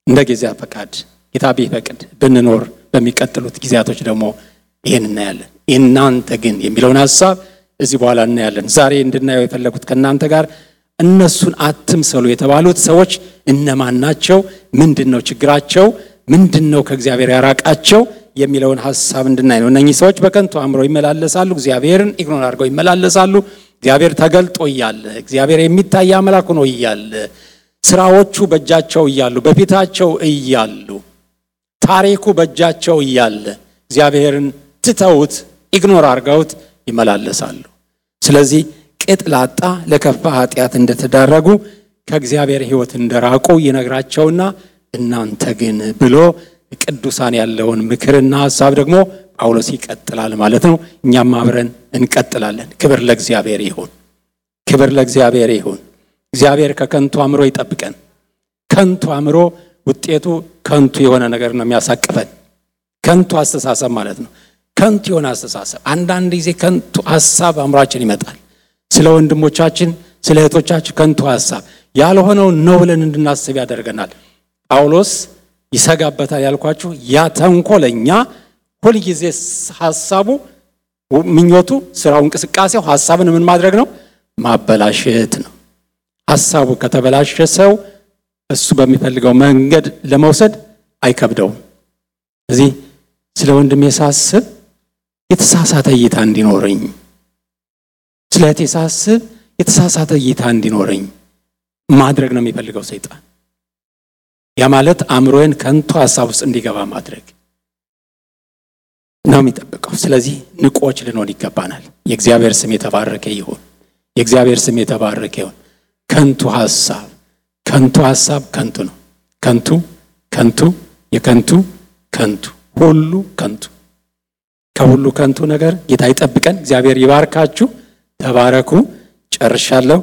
A: እንደ ጊዜ ፈቃድ ጌታ ቢፈቅድ ብንኖር በሚቀጥሉት ጊዜያቶች ደግሞ ይህን እናያለን። እናንተ ግን የሚለውን ሀሳብ እዚህ በኋላ እናያለን። ዛሬ እንድናየው የፈለጉት ከእናንተ ጋር እነሱን አትምሰሉ የተባሉት ሰዎች እነማን ናቸው? ምንድን ነው ችግራቸው? ምንድን ነው ከእግዚአብሔር ያራቃቸው የሚለውን ሀሳብ እንድናይ ነው። እነኚህ ሰዎች በከንቱ አእምረው ይመላለሳሉ። እግዚአብሔርን ኢግኖር አድርገው ይመላለሳሉ። እግዚአብሔር ተገልጦ እያለ እግዚአብሔር የሚታይ አምላክ ሆኖ እያለ ስራዎቹ በእጃቸው እያሉ በፊታቸው እያሉ ታሪኩ በእጃቸው እያለ እግዚአብሔርን ትተውት ኢግኖር አድርገውት ይመላለሳሉ። ስለዚህ ቅጥ ላጣ ለከፋ ኃጢአት እንደተዳረጉ ከእግዚአብሔር ሕይወት እንደራቁ ይነግራቸውና እናንተ ግን ብሎ ቅዱሳን ያለውን ምክርና ሀሳብ ደግሞ ጳውሎስ ይቀጥላል ማለት ነው። እኛም አብረን እንቀጥላለን። ክብር ለእግዚአብሔር ይሁን። ክብር ለእግዚአብሔር ይሁን። እግዚአብሔር ከከንቱ አእምሮ ይጠብቀን። ከንቱ አእምሮ ውጤቱ ከንቱ የሆነ ነገር ነው የሚያሳቅፈን። ከንቱ አስተሳሰብ ማለት ነው። ከንቱ የሆነ አስተሳሰብ። አንዳንድ ጊዜ ከንቱ ሀሳብ አእምሯችን ይመጣል። ስለ ወንድሞቻችን፣ ስለ እህቶቻችን ከንቱ ሀሳብ ያልሆነውን ነው ብለን እንድናስብ ያደርገናል። ጳውሎስ ይሰጋበታል ያልኳችሁ ያ ተንኮለኛ ሁልጊዜ ሀሳቡ፣ ምኞቱ፣ ስራው፣ እንቅስቃሴው ሀሳብን ምን ማድረግ ነው? ማበላሸት ነው። ሀሳቡ ከተበላሸ ሰው እሱ በሚፈልገው መንገድ ለመውሰድ አይከብደውም። እዚህ ስለ ወንድሜ ሳስብ የተሳሳተ እይታ እንዲኖረኝ፣ ስለ ሳስብ የተሳሳተ እይታ እንዲኖረኝ ማድረግ ነው የሚፈልገው ሰይጣን። ያ ማለት አእምሮዬን ከንቱ ሀሳብ ውስጥ እንዲገባ ማድረግ ነው የሚጠበቀው። ስለዚህ ንቆች ልንሆን ይገባናል። የእግዚአብሔር ስም የተባረከ ይሁን። የእግዚአብሔር ስም የተባረከ ይሁን። ከንቱ ሀሳብ ከንቱ ሀሳብ ከንቱ ነው። ከንቱ ከንቱ የከንቱ ከንቱ ሁሉ ከንቱ ከሁሉ ከንቱ ነገር ጌታ ይጠብቀን። እግዚአብሔር ይባርካችሁ። ተባረኩ። ጨርሻለሁ።